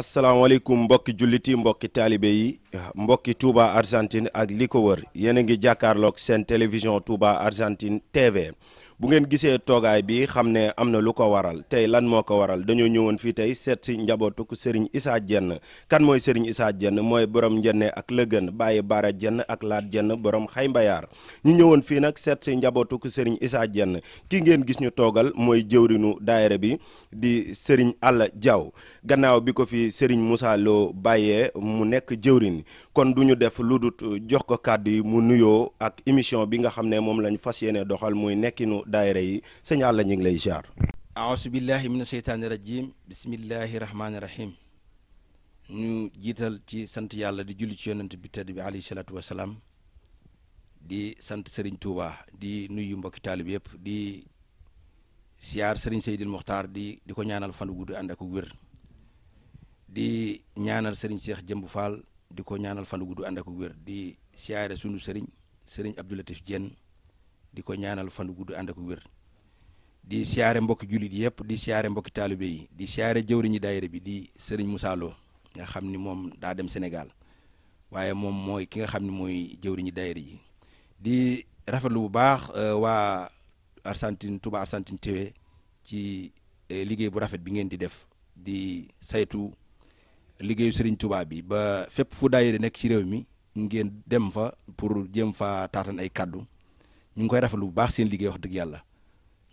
asalaamaaleykum mbokki julliti mbokki taalibe yi mbokki Touba Argentine ak li ko wër yéen a ngi jàkkaarloog seen télévision Touba Argentine TV bu ngeen gisee toogaay bi xam ne am na lu ko waral tey lan moo ko waral dañoo ñëwoon fii tey seet si njabootuk Serigne Issa Diène kan mooy Serigne Issa Diène mooy borom njenne ak la lëgën bàyyi baara jenn ak laat jenn borom xay mbayaar ñu ñëwoon fii nag seet si njabootuk Serigne Issa Diène ki ngeen gis ñu toogal mooy jëwrinu daayira bi di Serigne àll Diaw gannaaw bi ko fi Serigne Moussa Lo bàyyee mu nekk jëwrin kon duñu def lu dut jox ko kàddu yi mu nuyoo ak émission bi nga xam ne moom lañ fas yéene doxal muy nekkinu daayira yi sëñ Alla ñu ngi lay ziar. aawsu billahi mina seytaani rajim bismillahi rahmaani rahim ñu jiital ci sant yàlla di julli ci yonent bi tedd bi alayhi salaatu wa salaam di sant Serigne tuuba di nuyu mbokki taalib yëpp di siyaar Serigne Seydil Mokhtar di di ko ñaanal fan gudd ànd ak wér di ñaanal Serigne Cheikh Jëmb Fall di ko ñaanal fan gudd ànd ak wér di siyaare sunu Serigne Serigne Abdoulatif Diène di ko ñaanal fan gudd ànd ak wér di siyaare mbokki jullit yëpp di siyaare mbokki taalibe yi di siyaare jëwriñu daayira bi di sëriñ Moussa nga xam ni moom daa dem Sénégal waaye moom mooy ki nga xam ni mooy jëwriñu daayira yi di rafetlu bu baax euh, waa Argentine Touba Argentine TV ci euh, liggéey bu rafet bi ngeen di def di saytu liggéeyu sëriñ tubaab bi ba fépp fu daayira nekk ci réew mi ngeen dem fa pour jëm fa taatan ay kàddu ñu ngi koy rafet bu baax seen liggéey wax dëgg yàlla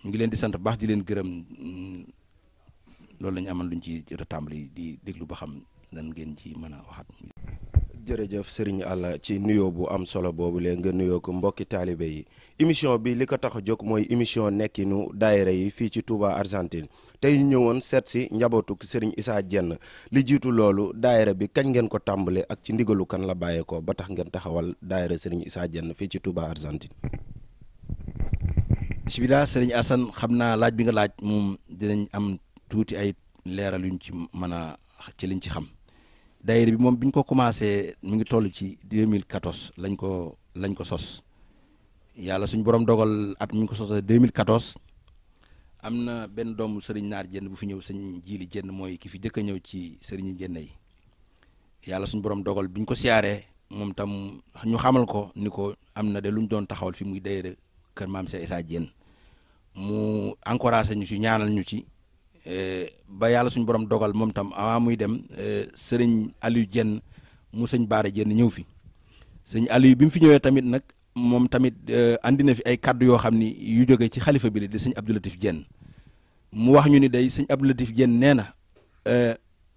ñu ngi leen di sant bu baax di leen gërëm loolu la ñu amoon ci jot a tàmbali di déglu ba xam lan ngeen ci mën a waxaat. jërëjëf Serigne Alla ci nuyoo bu am solo boobu lee nga nuyoo ko mbokki taalibe yi émission bi li ko tax a jóg mooy émission nekkinu daayira yi fii ci Touba Argentine tey ñu ñëwoon seet si njabootuk Serigne Issa jenn li jiitu loolu daayira bi kañ ngeen ko tàmbale ak ci ndigalu kan la bàyyeekoo ba tax ngeen taxawal daayira Serigne Issa Diène fii ci Touba Argentine bisimilah sëriñ Assane xam naa laaj bi nga laaj moom dinañ am tuuti ay leeral yuñ ci mën a ci liñ ci xam daayira bi moom bi ko commencé mi ngi toll ci 2014 lañ ko lañ ko sos yàlla suñ borom dogal at ko ngi ko sosee 2014 am na benn doomu sëriñ naar jenn bu fi ñëw sëñ jiili jenn mooy ki fi jëkk a ñëw ci sëriñu jenn yi yàlla suñu borom dogal bi ko siyaaree moom tam ñu xamal ko ni ko am na de lu ñu doon taxawal fi muy daayira kër maam Cheikh Issa Diène mu encouragé ñu ci ñaanal ñu ci e, ba yàlla suñu borom dogal moom tam avant muy dem e, sëriñ Aliou Dieng mu sëñ Baara Dieng ñëw fi sëñ Aliou bi mu fi ñëwee tamit nag moom tamit e, andi na fi ay kàddu yoo xam ni yu jóge ci xalifa bi la di sëñ Abdoulatif Dieng mu wax ñu ni day sëñ Abdoulatif Dieng nee na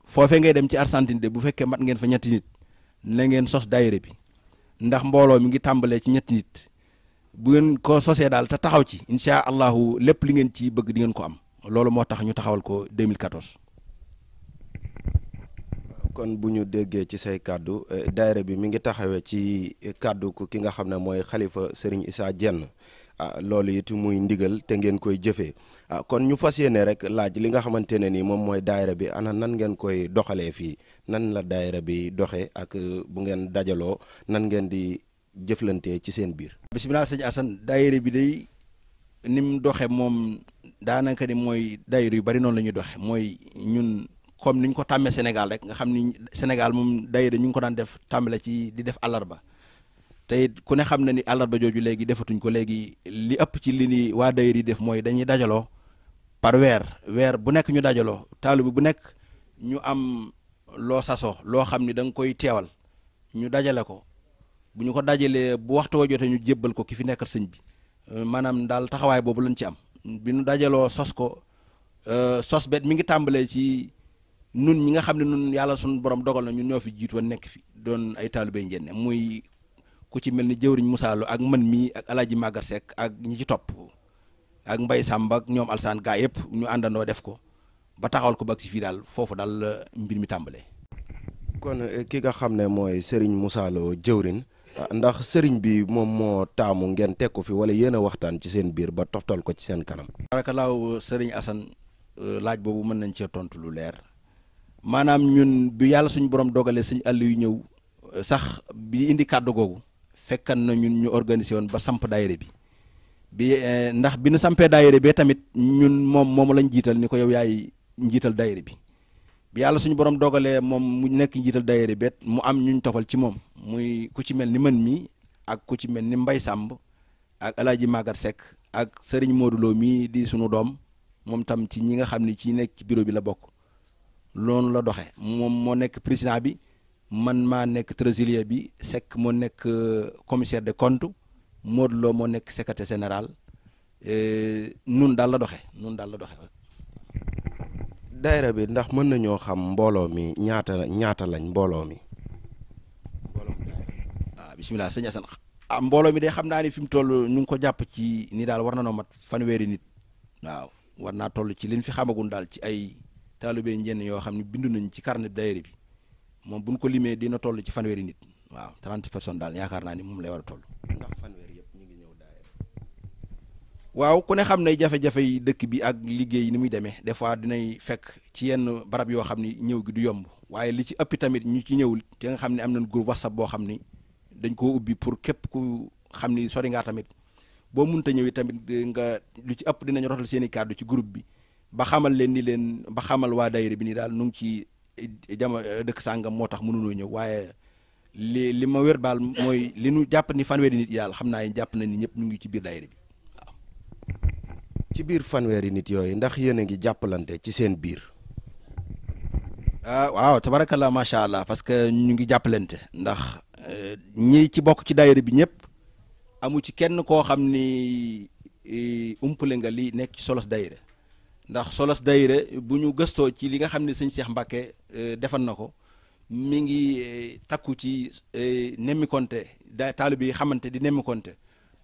foofee ngay dem ci Argentine de bu fekkee mat ngeen fa ñetti nit na ngeen sos daayira bi ndax mbooloo mi ngi tàmbalee ci ñetti nit. bu ngeen ko sosee daal te taxaw ci incha allahu lépp li ngeen ci bëgg di ngeen ko am loolu moo tax ñu taxawal ko 2014. kon bu ñu déggee ci say kàddu eh, daayira bi mi ngi taxawee ci kàddu ki nga xam ne mooy xalifa Serigne Issa Diène ah loolu it muy ndigal te ngeen koy jëfee ah, kon ñu fas yéene rek laaj li nga xamante ne ni moom mooy daayira bi ana nan ngeen koy doxalee fii nan la daayira bi doxee ak eh, bu ngeen dajaloo nan ngeen di. jëflantee ci seen biir. bisimilah sëñ Assane daayira bi day ni mu doxee moom daanaka di mooy daayira yu bari noonu la ñuy doxee mooy ñun comme ni ñu ko tàmmee Sénégal rek nga xam ni Sénégal moom daayira ñu ngi ko daan def tàmbale ci di def àllarba te it ku ne xam na ni àllarba jooju léegi defatuñ ko léegi li ëpp ci li ni waa daayira yi def mooy dañuy dajaloo par weer weer bu nekk ñu dajaloo bi bu nekk ñu am loo saso loo xam ni da nga koy teewal ñu dajale ko. bu ñu ko dajalee bu waxtu wa ñu jébbal ko ki fi nekkal sëñ bi euh, maanaam daal taxawaay boobu lañu ci am bi ñu dajaloo sos ko euh, sos bet mi ngi tàmbalee ci nun ñi nga xam ne nun yàlla suñu borom dogal na ñun ñoo fi jiitu woon nekk fi doon ay taalibey njenne muy ku ci mel ni jëwriñ Moussa ak man mii ak alaaji Magar Seck ak ñi ci topp ak Mbay Sàmb ñoom alsaan gaa yëpp ñu àndandoo def ko ba taxawal ko bak si fii daal foofu daal mbir mi tàmbalee kon eh, ki nga xam ne mooy Serigne Moussa Lo jëwriñ ndax sëriñ bi moom moo taamu ngeen teg ko fi wala yéen a waxtaan ci seen biir ba toftal ko ci seen kanam. barakalaaw sëriñ Assane euh, laaj boobu mën nañ cee tontu lu leer maanaam ñun bu yàlla suñu borom dogalee suñu àll yu ñëw euh, sax bi indi kàddu googu fekkan na ñun ñu organiser woon ba samp daayira bi bi euh, ndax bi nu sampee daayira bee tamit ñun moom moomu lañ jiital ni ko yow yaay njiital daayira bi. bi yàlla suñu borom dogalee moom mu nekk njiital daayira bet mu am ñu ñu tofal ci moom muy ku ci mel ni mën mii ak ku ci mel ni Mbay Sàmb ak El Hadj sekk ak Serigne Modou mii di suñu doom moom tam ci ñi nga xam ni ci nekk ci bureau bi la bokk loolu la doxee moom moo nekk président bi man maa nekk trésorier bi sekk moo nekk euh, commissaire des comptes Modou Lo moo nekk secrétaire général euh, nun daal la doxe nun daal la doxee. daayira bi ndax mën nañoo xam mbooloo mi ñaata ñaata lañ mbooloo mi. ah bisimilah sëñ Assane ah mbooloo mi de xam naa ni fi mu toll ñu ngi ko jàpp ci ni daal war na noo mat weeri nit waaw war naa toll ci liñ fi xamagun daal ci ay taalibe ñenn yoo xam ne bindu nañ ci carnet daayira bi moom buñ ko limee dina toll ci fan fanweeri nit waaw 30 person daal yaakaar naa ni moom lay war a toll. waaw ku ne xam ne jafe-jafe yi dëkk bi ak liggéey ni muy demee des fois dinay fekk ci yenn barab yoo xam ni ñëw gi du yomb waaye li ci ëpp tamit ñu ci ñëwul te xam ne am nañ groupe whatsapp boo xam ni dañ koo ubbi pour képp ku xam ni sori ngaa tamit boo munta ñëwee tamit nga lu ci ëpp dinañ rotal seen i kàddu ci groupe bi ba xamal leen ni leen ba xamal waa daayira bi ni daal nu ngi ci jama dëkk sàngam moo tax mënunoo ñëw waaye li li ma wér baal mooy li nu jàpp ni fanweeri nit yi daal xam naa jàpp na ni ñëpp ñu ngi ci biir daayira bi ci biir fanweeri nit yooyu ndax yéen a ngi jàppalante ci seen biir. Ah, waaw tabarakallah macha allah parce que ñu ngi jàppalante ndax eh, ñi ci bokk ci daayira bi ñëpp amu ci kenn koo xam ni eh, umpale nga li nekk ci solos daayira ndax solos dayre bu ñu gëstoo ci li nga xam ne sëñ Cheikh Mbacke eh, defan na ko mi ngi takku ci nemmikonte daa taalibe yi xamante di nemmikonte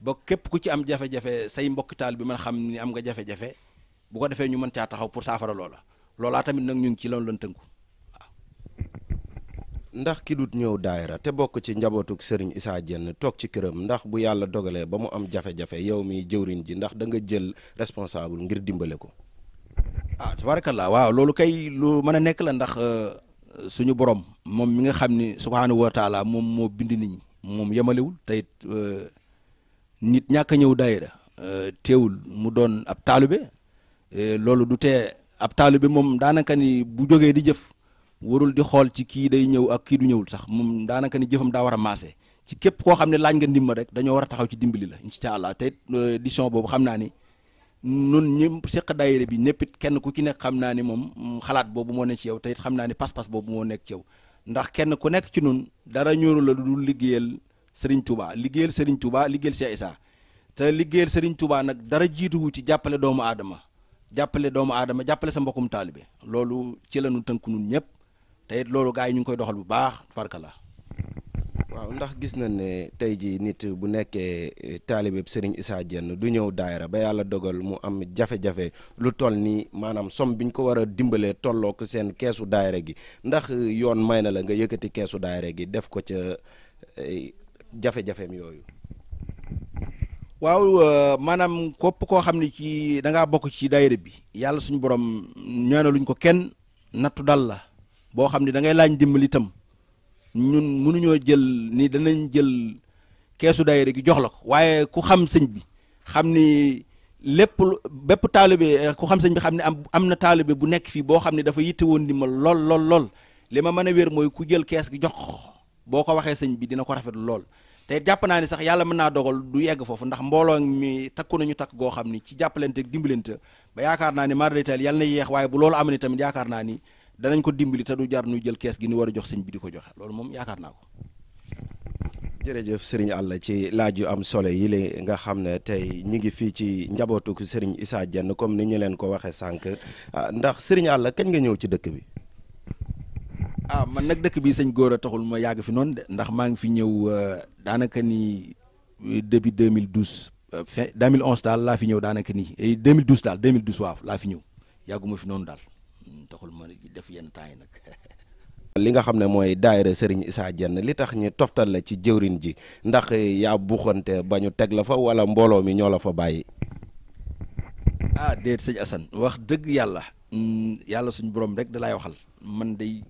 ba képp ku ci am jafe-jafe say mbokk taal bi mën xam ni am nga jafe-jafe bu ko defee ñu mën caa taxaw pour saafara loola loolaa tamit nag ñu ngi ci loolu lan tënku ndax kii dut ñëw daayira te bokk ci njabootuk Serigne Issa Diène toog ci këram ndax bu yàlla dogalee ba mu am jafe-jafe yow mi jëwriñ ji ndax danga jël responsable ngir dimbale ko. ah tabarakallah waaw loolu kay lu mën a nekk la ndax euh, suñu borom moom mi nga xam ni subhaanahu wa taala moom moo bind nit moom yemalewul te euh, nit ñàkk a ñëw daayira euh, teewul mu doon ab taalibe euh, loolu du tee ab taalibe moom daanaka ni bu jógee di jëf warul di xool ci kii day ñëw ak kii du ñëwul sax moom daanaka ni jëfam daa war a maase ci képp koo xam ne laañ nga ndimma rek dañoo war a taxaw ci dimbali la incha allah te euh, édition boobu xam naa ni nun ñëpp seq daayira bi néppit kenn ku ci nekk xam naa ni moom mm, xalaat boobu moo nekk ci yow te xam naa ni pas-pas boobu moo nekk ci yow ndax kenn ku nekk ci nun dara ñoru la du liggéeyal Serigne Touba liggéeyal Serigne Touba liggéeyal Cheikh Issa te liggéeyal Serigne Touba nag dara jiituwu ci jàppale doomu aadama jàppale doomu aadama jàppale sa mbokkum taalibe loolu ci la tënk nun ñëpp te loolu gaa yi ñu ngi koy doxal bu baax farka la waaw ndax gis na ne tey jii nit bu nekkee eh, taalibe Serigne Issa Diène du ñëw daayira ba yàlla dogal mu am jafe-jafe lu toll nii maanaam som bi ñu ko war dimbalee tolloo ko seen keesu daayira gi ndax eh, yoon may na la nga yëkkati keesu daayira gi def ko ca eh, jafe-jafeem yooyu waaw euh, maanaam kopp koo xam ne ci da bokk ci daayira bi yàlla suñu borom ñaanaluñ ko kenn nattu dal la boo xam ne dangay ngay laaj dimbali itam ñun mënuñoo jël ni danañ jël keesu daayira gi jox la ko waaye ku xam sëñ bi xam ni lépp lu bépp taalibe euh, ku xam sëñ bi xam ne am am na taalibe bu nekk fii boo xam ne dafa yitte woon ndimbal lool lool lool li ma mën a wér mooy ku jël kees gi jox boo ko waxee sëñ bi dina ko rafet lool te jàpp naa ni sax yàlla mën naa dogal du yegg foofu ndax mbooloo mi takku nañu takk goo xam ni ci jàppalante ak dimbalante ba yaakaar naa ni maradaytaal yàlla na waaye bu loolu am ni tamit ni danañ ko dimbali te du jar nuy jël kees gi ni war a jox sëñ bi di ko joxe loolu moom yaakaar naa ko jërëjëf Serigne Alla ci laaj yu am solo yi li nga xam ne tey ñu ngi fii ci njabootuk Serigne Issa Dienne comme ni ñu leen ko waxee sànq ah, ndax Serigne Alla kañ nga ñëw ci dëkk bi ah man nag dëkk bi sëñ góor a taxul ma yàgg fi noonu ndax maa ngi fi ñëw euh, daanaka ni depuis 2012 fin 2011 daal laa fi ñëw daanaka nii ni 2012 daal 2012 waaw laa fi ñëw yàgguma fi noonu daal hmm, taxul ma def yenn temps yi nag. li nga xam ne mooy daayira Serigne Issa Dienne li tax ñu toftal la ci jëwrin ji ndax yaa buuxante ba ñu teg la fa wala mbooloo mi ñoo la fa bàyyi. ah déet sëñ Assane wax dëgg yàlla hmm, yàlla suñu borom rek da laay waxal man day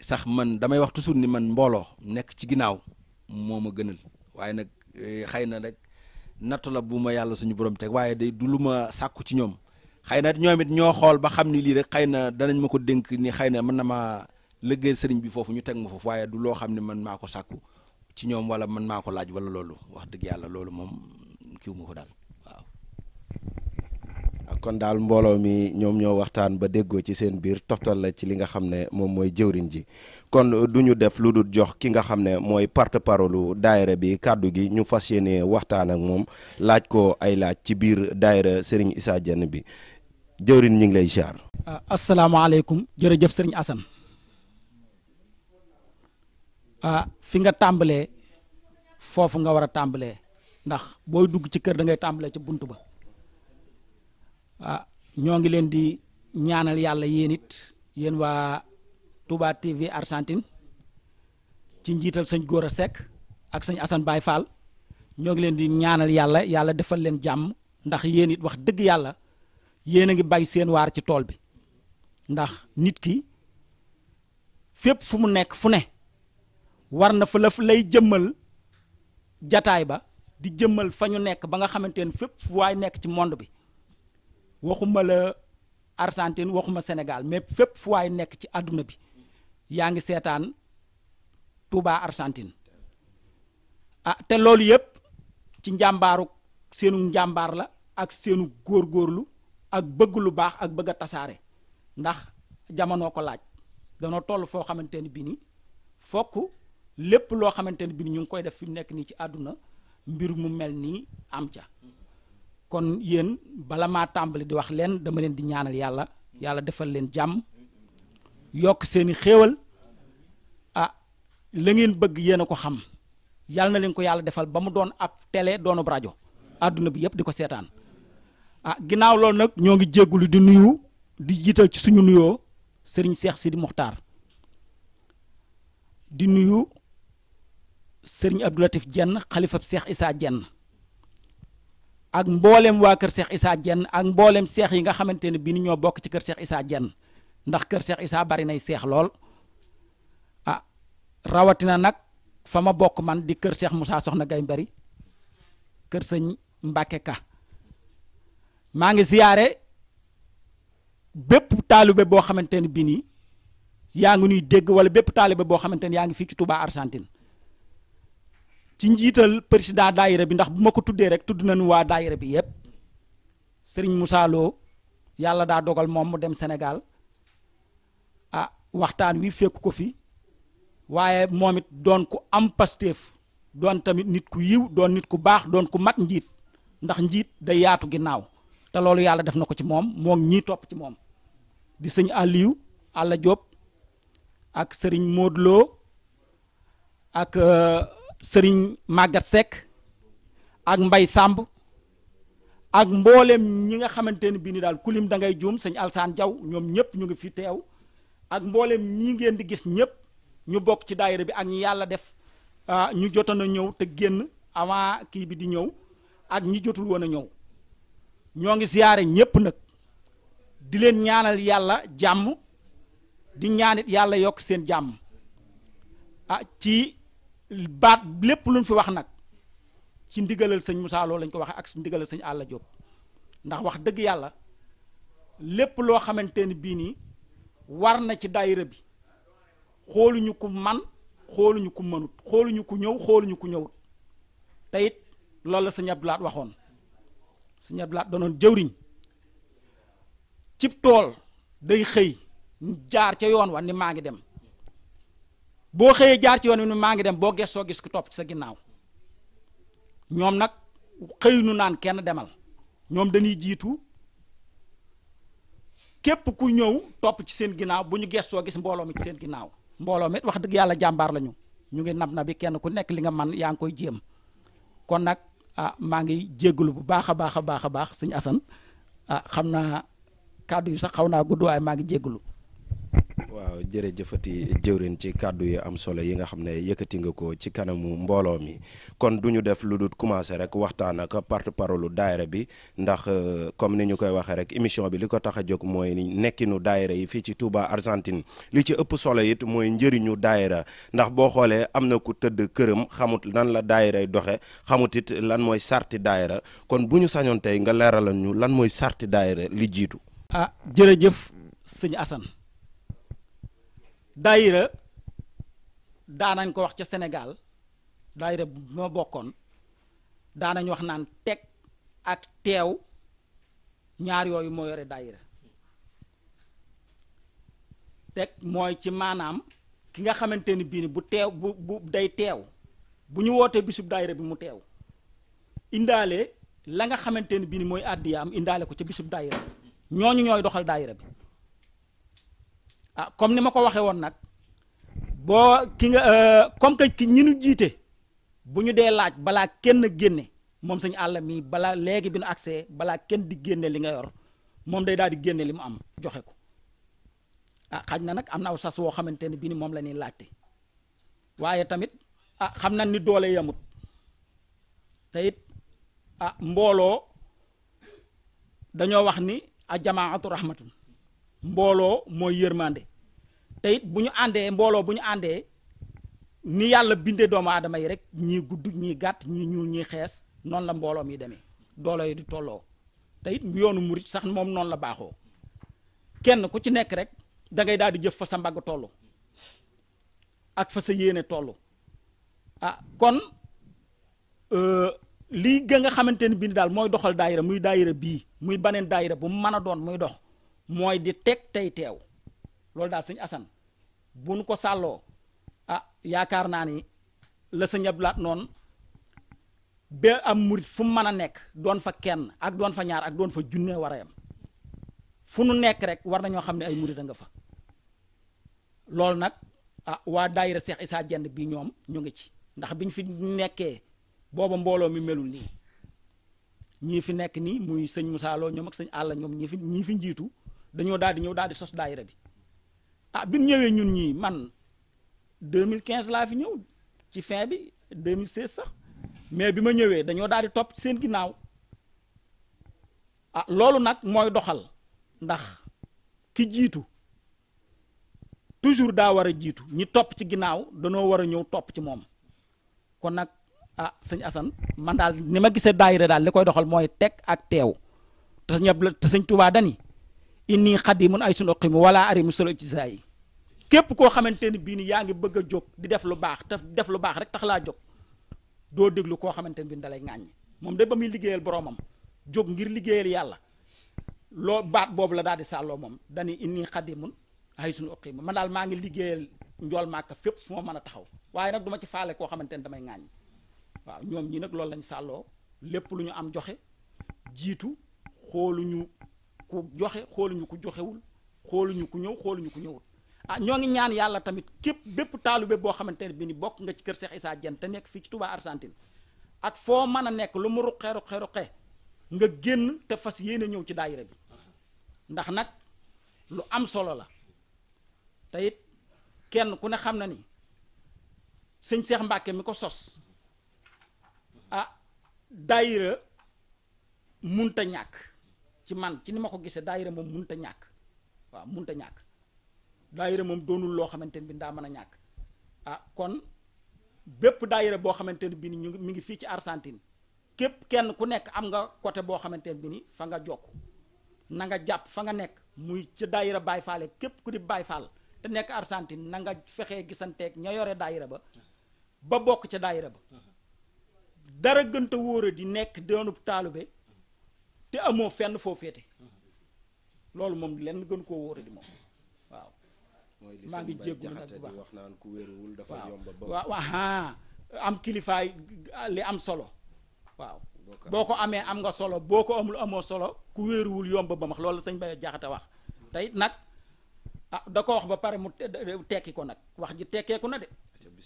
sax man damay wax toujours ni man mbooloo nekk ci ginnaaw moo ma gënal waaye nag eh, xëy na rek nattu la bu ma yàlla suñu borom teg waaye day du lu ma sàkku ci ñoom xëy na ñoom it ñoo xool ba xam ni lii rek xëy na danañ ma ko dénk ni xëy na mën na maa liggéey sëriñ bi foofu ñu teg ma foofu waaye du loo xam ne man maa ko sàkku ci ñoom wala man maa ko laaj wala loolu wax dëgg yàlla loolu moom kiw ma ko daal kon daal mbooloo mi ñoom ñoo waxtaan ba déggoo ci seen biir toftal la ci li nga xam ne moom mooy jëwriñ ji kon du ñu def lu dul jox ki nga xam ne mooy parte parole daayira bi kàddu gi ñu fas yéene waxtaan ak moom laaj ko ay laaj ci biir daayira sëriñ Issa Diène bi jëwriñ ñu ngi lay ziar. Ah, asalaamaaleykum jërëjëf sëriñ Assane ah fi nga tàmbalee foofu nga war a tàmbalee ndax booy dugg ci kër da ngay tàmbalee ci bunt ba. ah ñoo ngi leen di ñaanal yàlla yéen it yéen waa Touba TV Argentine ci njiital sëñ a Seck ak sëñ Assane Baye Fall ñoo ngi leen di ñaanal yàlla yàlla defal leen jàmm ndax yéen it wax dëgg yàlla yéen a ngi bay seen waar ci tool bi ndax nit ki fépp fu mu nekk fu ne war na fa lay jëmmal jataay ba di jëmmal fa ñu nekk ba nga xamante ne fépp fu waay nekk ci monde bi waxuma la Argentine waxuma Sénégal mais fépp fu waay nekk ci àdduna bi yaa ngi seetaan Touba Argentine ah te loolu yëpp ci njàmbaaru seenu njàmbaar la ak seenu góor góorlu ak bëgg lu baax ak bëgg a tasaare ndax jamono ko laaj danoo toll foo xamante ni bi ni fokk lépp loo xamante ni bi ni ñu ngi koy def fi mu nekk nii ci àdduna mbir mu mel nii am ca kon yéen bala maa tàmbali di wax leen dama leen di ñaanal yàlla yàlla defal leen jàmm yokk seeni xéewal a ah, la ngeen bëgg yéen a ko xam yàlla na leen ko yàlla defal ba mu doon ab tele doonub rajo àdduna bi yëpp di ko seetaan a ah, ginnaaw loolu nag ñoo ngi jéggulu di nuyu di jiital ci suñu nuyoo sëriñ Cheikh Sidi Muxtaar di nuyu sëriñ Abdoulatif Jenn xalifab seex Issa Jenn ak mboolem waa kër Cheikh Issa jenn ak mboolem seex yi nga xamante ne bii ñoo bokk ci kër Cheikh Issa Diène ndax kër Cheikh isaa bari nay seex lool ah rawatina nag fa ma bokk man di kër Cheikh Moussa Soxna gay bari kër sëñ Mbacke Ka maa ngi ziyaare bépp taalibe boo xamante ne bii nii yaa ngi nuy dégg wala bépp taalibe boo xamante ne yaa ngi fii ci Touba Argentine ci njiital président daayira bi ndax bu ma ko tuddee rek tudd nañu waa dayre bi yëpp sëriñ Moussa yàlla daa dogal moom mu dem senegal ah waxtaan wi fekk ko fi waaye moom it doon ku am pasteef doon tamit nit ku yiw doon nit ku baax doon ku mat njiit ndax njiit da yaatu ginnaaw te loolu yàlla def na ko ci moom moom ñii topp ci moom di sëñ Aliou àlla Diop ak sëriñ Modou ak. Euh, sëriñ Maguette sekk ak Mbay Sàmb ak mboolem ñi nga xamante ne bii ni daal kulim da ngay juum sañ Alsaan Jaw ñoom ñëpp ñu ngi fi teew ak mboolem ñi ngeen di gis ñëpp ñu bokk ci daayira bi ak ñu yàlla def ah, ñu jotoon a ñëw te génn avant kii bi di ñëw ak ñi jotul woon a ñëw ñoo ngi siyaare ñëpp nag di leen ñaanal yàlla jàmm di ñaanit yàlla yokk seen jàmm ah ci baat lépp luñ fi wax nag ci ndigalal sëñ Moussa lañ ko waxee ak ci ndigalal sëñ Alla Diop ndax wax dëgg yàlla lépp loo xamante ni bii nii war na ci daayira bi xooluñu ko man xooluñu ko mënut xooluñu ku ñëw xooluñu ko ñëwut te it loolu la sëñ Abdoulaat waxoon sëñ Abdoulaat danoon jëwriñ cib tool day xëy jaar ca yoon wa ni maa ngi dem boo xëyee jaar ci yoon wi maa ngi dem boo gëstoo gis ku topp ci sa ginnaaw ñoom nag xëy nu naan kenn demal ñoom dañuy jiitu képp ku ñëw topp ci seen ginnaaw bu ñu gëstoo gis mbooloo mi ci seen ginnaaw mbooloo mi wax dëgg yàlla jàmbaar lañu ñu ngi nab na bi kenn ku nekk li nga man yaa ngi koy jéem kon nag ah maa ngi jégalu bu baax a baax a baax a baax sëñ Assane ah xam naa kàddu yu sax xaw naa gudd waaye maa ngi jégalu. waaw jërëjëfati jëwrin ci kàddu yu am solo yi nga xam ne yëkkati nga ko ci kanamu mbooloo mi kon du ñu def lu dul commencé rek waxtaan ak porte-parole daayira bi ndax euh, comme ni ñu koy waxee rek émission bi li ko tax a jóg mooy nekkinu daayira yi fii ci Touba Argentine li ci ëpp solo it mooy njëriñu daayra ndax boo xoolee am na ku tëdd këram xamut lan la daayiray doxe xamut lan mooy sarti daayra kon bu ñu sañoon tey nga leeralal ñu lan mooy sarti daayira li jiitu ah jërëjëf sëñ daayira daanañ ko wax ca Sénégal daayira bu ma bokkoon daanañ wax naan teg ak teew ñaar yooyu moo yore daayira teg mooy ci maanaam ki nga xamante ni bii bu teew bu bu day teew bu ñu wootee bisub daayira bi mu teew indaale la nga xamante ni bii ni mooy àddiya am indaale ko ca bisub daayira ñooñu ñooy doxal daayira bi ah comme ni ma ko waxee woon nag boo ki nga euh, comme que ki ñu jiite bu ñu dee laaj balaa kenn génne moom sëñ àll mii balaa léegi bi nu accès balaa kenn di génne li nga yor moom day daal di génne li mu am joxe ko ah xaj na nag am na aw sas woo xamante ne bii ni moom la ñuy laajte waaye tamit ah xam na ni doole yamut te ah mbooloo dañoo wax ni a jamaatu rahmatun mbooloo mooy yërmande te bu ñu àndee mbooloo bu ñu àndee ni yàlla bindee doomu aadama yi rek ñii gudd ñii gàtt ñii ñuul ñii xees noonu la mbooloo mi demee doole yi di tolloo te it yoonu murit sax moom noonu la baaxoo kenn ku ci nekk rek dangay ngay daal di jëf fa sa mbagg toll ak fa sa yéene toll ah kon euh, lii gën nga xamante ne bii daal mooy doxal daayira muy daayira bii muy baneen daayira bu mu mën a doon muy dox mooy di teg tey teew loolu daal sëñ Assane bu nu ko sàlloo a ah, yaakaar naa ni la sëñ Abdou Lahat noonu ba am murit fu mu mën a nekk doon fa kenn ak doon fa ñaar ak doon fa junne war a yam fu nu nekk rek war na ñoo xam ne ay murit a nga fa loolu nag a ah, waa daayira Seex Isaa Jend bi ñoom ñu ngi ci ndax biñ fi nekkee booba mbooloo mi melul nii ñii fi nekk nii muy sëñ Moussa Lo ñoom ak sëñ Alla ñoom ñii fi ñii fi njiitu dañoo daal di ñëw daal di sos daayira bi ah bi ñëwee ñun ñii man mille quinze laa fi ñëw ci fin bi 2016 sax mais bi ma ñëwee dañoo daal di topp seen ginnaaw ah loolu nag mooy doxal ndax ki jiitu toujours daa war a jiitu ñi topp ci ginnaaw danoo war a ñëw topp ci moom kon nag ah sëñ Assane man daal ni ma gisee daayira daal li koy doxal mooy teg ak teew te sëñ Abdou te sëñ dani inni xadimun ay sunu oqimu wala ari musalo ci saa yi képp koo xamante ni bii ni yaa ngi bëgg a jóg di def lu baax te def lu baax rek tax laa jóg doo déglu koo xamante ni bii dalay ŋàññi moom de ba muy liggéeyal boroomam jóg ngir liggéeyal yàlla loo baat boobu la daal di sàlloo moom dañuy inni xadimun ay sunu oqimu man daal maa ngi liggéeyal njool màkka fépp fu ma mën a taxaw waaye nag du ma ci faale koo xamante ni damay ŋàññi waaw ñoom ñii nag loolu lañ sàlloo lépp lu am joxe ku joxe xooluñu ku joxewul xooluñu ku ñëw xooluñu ku ñëwul ah ñoo ngi ñaan yàlla tamit képp bépp taalibe boo xamante ne bi ni bokk nga ci kër Cheikh Issa Diène te nekk fii ci Touba Argentine ak foo mën a nekk lu mu ruqee ruqee ruqee nga génn te fas yéene ñëw ci daayira bi ndax nag lu am solo la te it kenn ku ne xam na ni sëñ Cheikh Mbacke mi ko sos ah daayira munta ñàkk ci man ci ni ma ko gisee daayira moom mun ta ñàkk waaw mun a ñàkk daayira moom doonul loo xamante ne bi daa mën a ñàkk ah kon bépp daayira boo xamante ne bi ni mi ngi fii ci Argentine képp kenn ku nekk am nga côté boo xamante ne bi ni fa nga jokk na nga jàpp fa nga nekk muy ca daayira Baay Faal képp ku di Baay Faal te nekk Argentine na nga fexee gisanteeg ña yore daayira ba ba bokk ca daayira ba dara gënta wóora di nekk doonub taalube te amoo fenn foo féete loolu moom lenn gën koo wóore moom waaw maa ngi jéggu nag bu baax wax naan ku wéeruwul dafa yomb ba waaw waaw am kilifaay li am solo waaw boo ko amee am nga solo boo ko amul amoo solo ku wéeruwul yomb ba max loolu sañ bay jaxate wax tey nag a ah, da ko wax ba pare mu tekki ko nag wax ji tekkeeku na de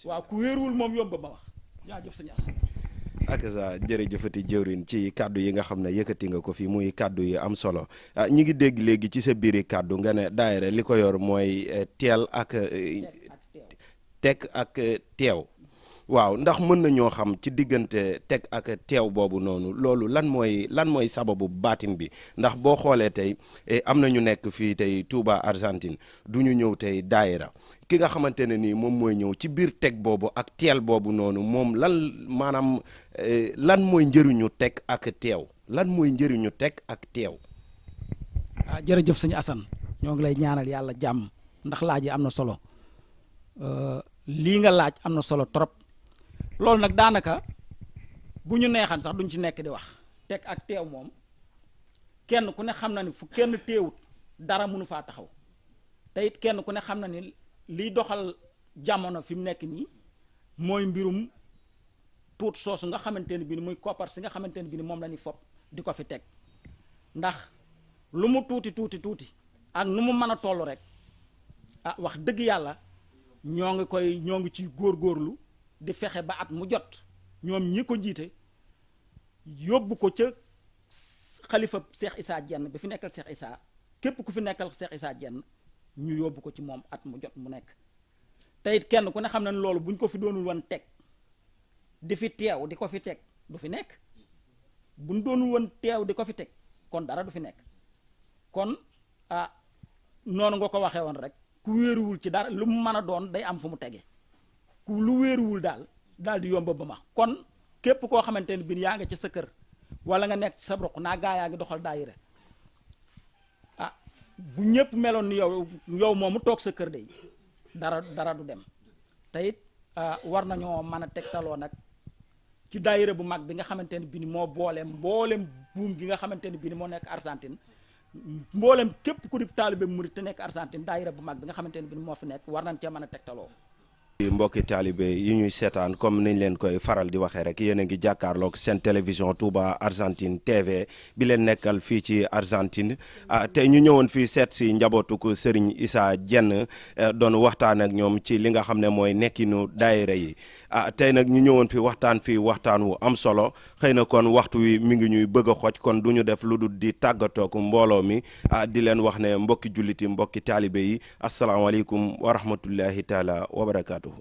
waaw ku wéeruwul moom yomb ba ma ñaa jaajëf sañu as ak sa jërëjëfati jëwrin ci kàddu yi nga xam ne yëkkati nga ko fii muy kàddu yi am solo ah, ñi ngi dégg léegi ci sa biir biiri kàddu nga ne daayira li ko yor mooy eh, teel ak eh, teg ak teew eh, waaw ndax mën nañoo xam ci diggante teg ak teew boobu noonu loolu lan mooy lan mooy sababu baatin bi ndax boo xoolee tey eh, am na ñu nekk fii tey Touba Argentine du ñu ñëw tey daayra ki nga xamante ne nii moom mooy ñëw ci biir teg boobu ak teel boobu noonu moom lan maanaam eh, lan mooy njëriñu teg ak teew lan mooy njëriñu teg ak teew. ah jërëjëf sëñ Assane ñoo ngi lay ñaanal yàlla jàmm ndax laaj yi am na solo euh, lii nga laaj am na solo trop. loolu nag daanaka bu ñu neexan sax duñ ci nekk di wax teg ak teew moom kenn ku ne xam na ni fu kenn teewut dara mënu faa taxaw te it kenn ku ne xam na ni liy doxal jamono fi mu nekk nii mooy mbirum tuut soosu nga xamante ne bi ni muy koppar si nga xamante ne bi ni moom la ñuy fopp di ko fi teg ndax lu mu tuuti tuuti tuuti ak nu mu mën a toll rek ah wax dëgg yàlla ñoo ngi koy ñoo ngi ci góor góorlu di fexe ba at mu jot ñoom ñi ko jiite yóbbu ko ca xalifa Cheikh Issa Diène bi fi nekkal Cheikh Issa képp ku fi nekkal Cheikh Issa jenn ñu yóbbu ko ci moom at mu jot mu nekk te kenn ku ne xam na ne loolu bu ñu ko fi doonul woon teg di fi teew di ko fi teg du fi nekk bu ñu doonul woon teew di ko fi teg kon dara du fi nekk kon ah noonu nga ko waxee woon rek ku wéeruwul ci dara lu mu mën a doon day am fu mu tegee ku lu wéeruwul daal daal di yomb ba ma kon képp koo xamante ne bi yaa nga ci sa kër wala nga nekk ci sa roq naa gaa yaa ngi doxal daayira ah, bu ñëpp meloon ni yow yow mu toog sa kër day dara dara du dem te it ah, war nañoo man a tegtaloo nag ci daayira bu mag bi nga xamante ne bi moo booleem mboolem buum gi nga xamante ne bi ni moo nekk Argentine mboolem képp ku di taalibe murit te nekk Argentine daayira bu mag bi nga xamante ne bi moo fi nekk war nañ cee mën a tegtaloo mbokki taalibe yi ñuy seetaan comme niñ leen koy faral di waxee rek yéen a ngi jàkkaarloog seen télévision Touba Argentine TV bi leen nekkal fii ci Argentine ah, tey ñu ñëwoon fii seet si njabootuk sëriñ Issa jenn eh, doon waxtaan ak ñoom ci li nga xam ne mooy nekkinu daayira yi ah, tey nag ñu ñëwoon fi waxtaan fii waxtaan wu am solo xëy na kon waxtu wi mi ngi ñuy bëgg a xoj kon du ñu def lu dul di tàggatoog mbooloo mi ah, di leen wax ne mbokki julliti mbokki taalibe yi asalaamaaleykum wa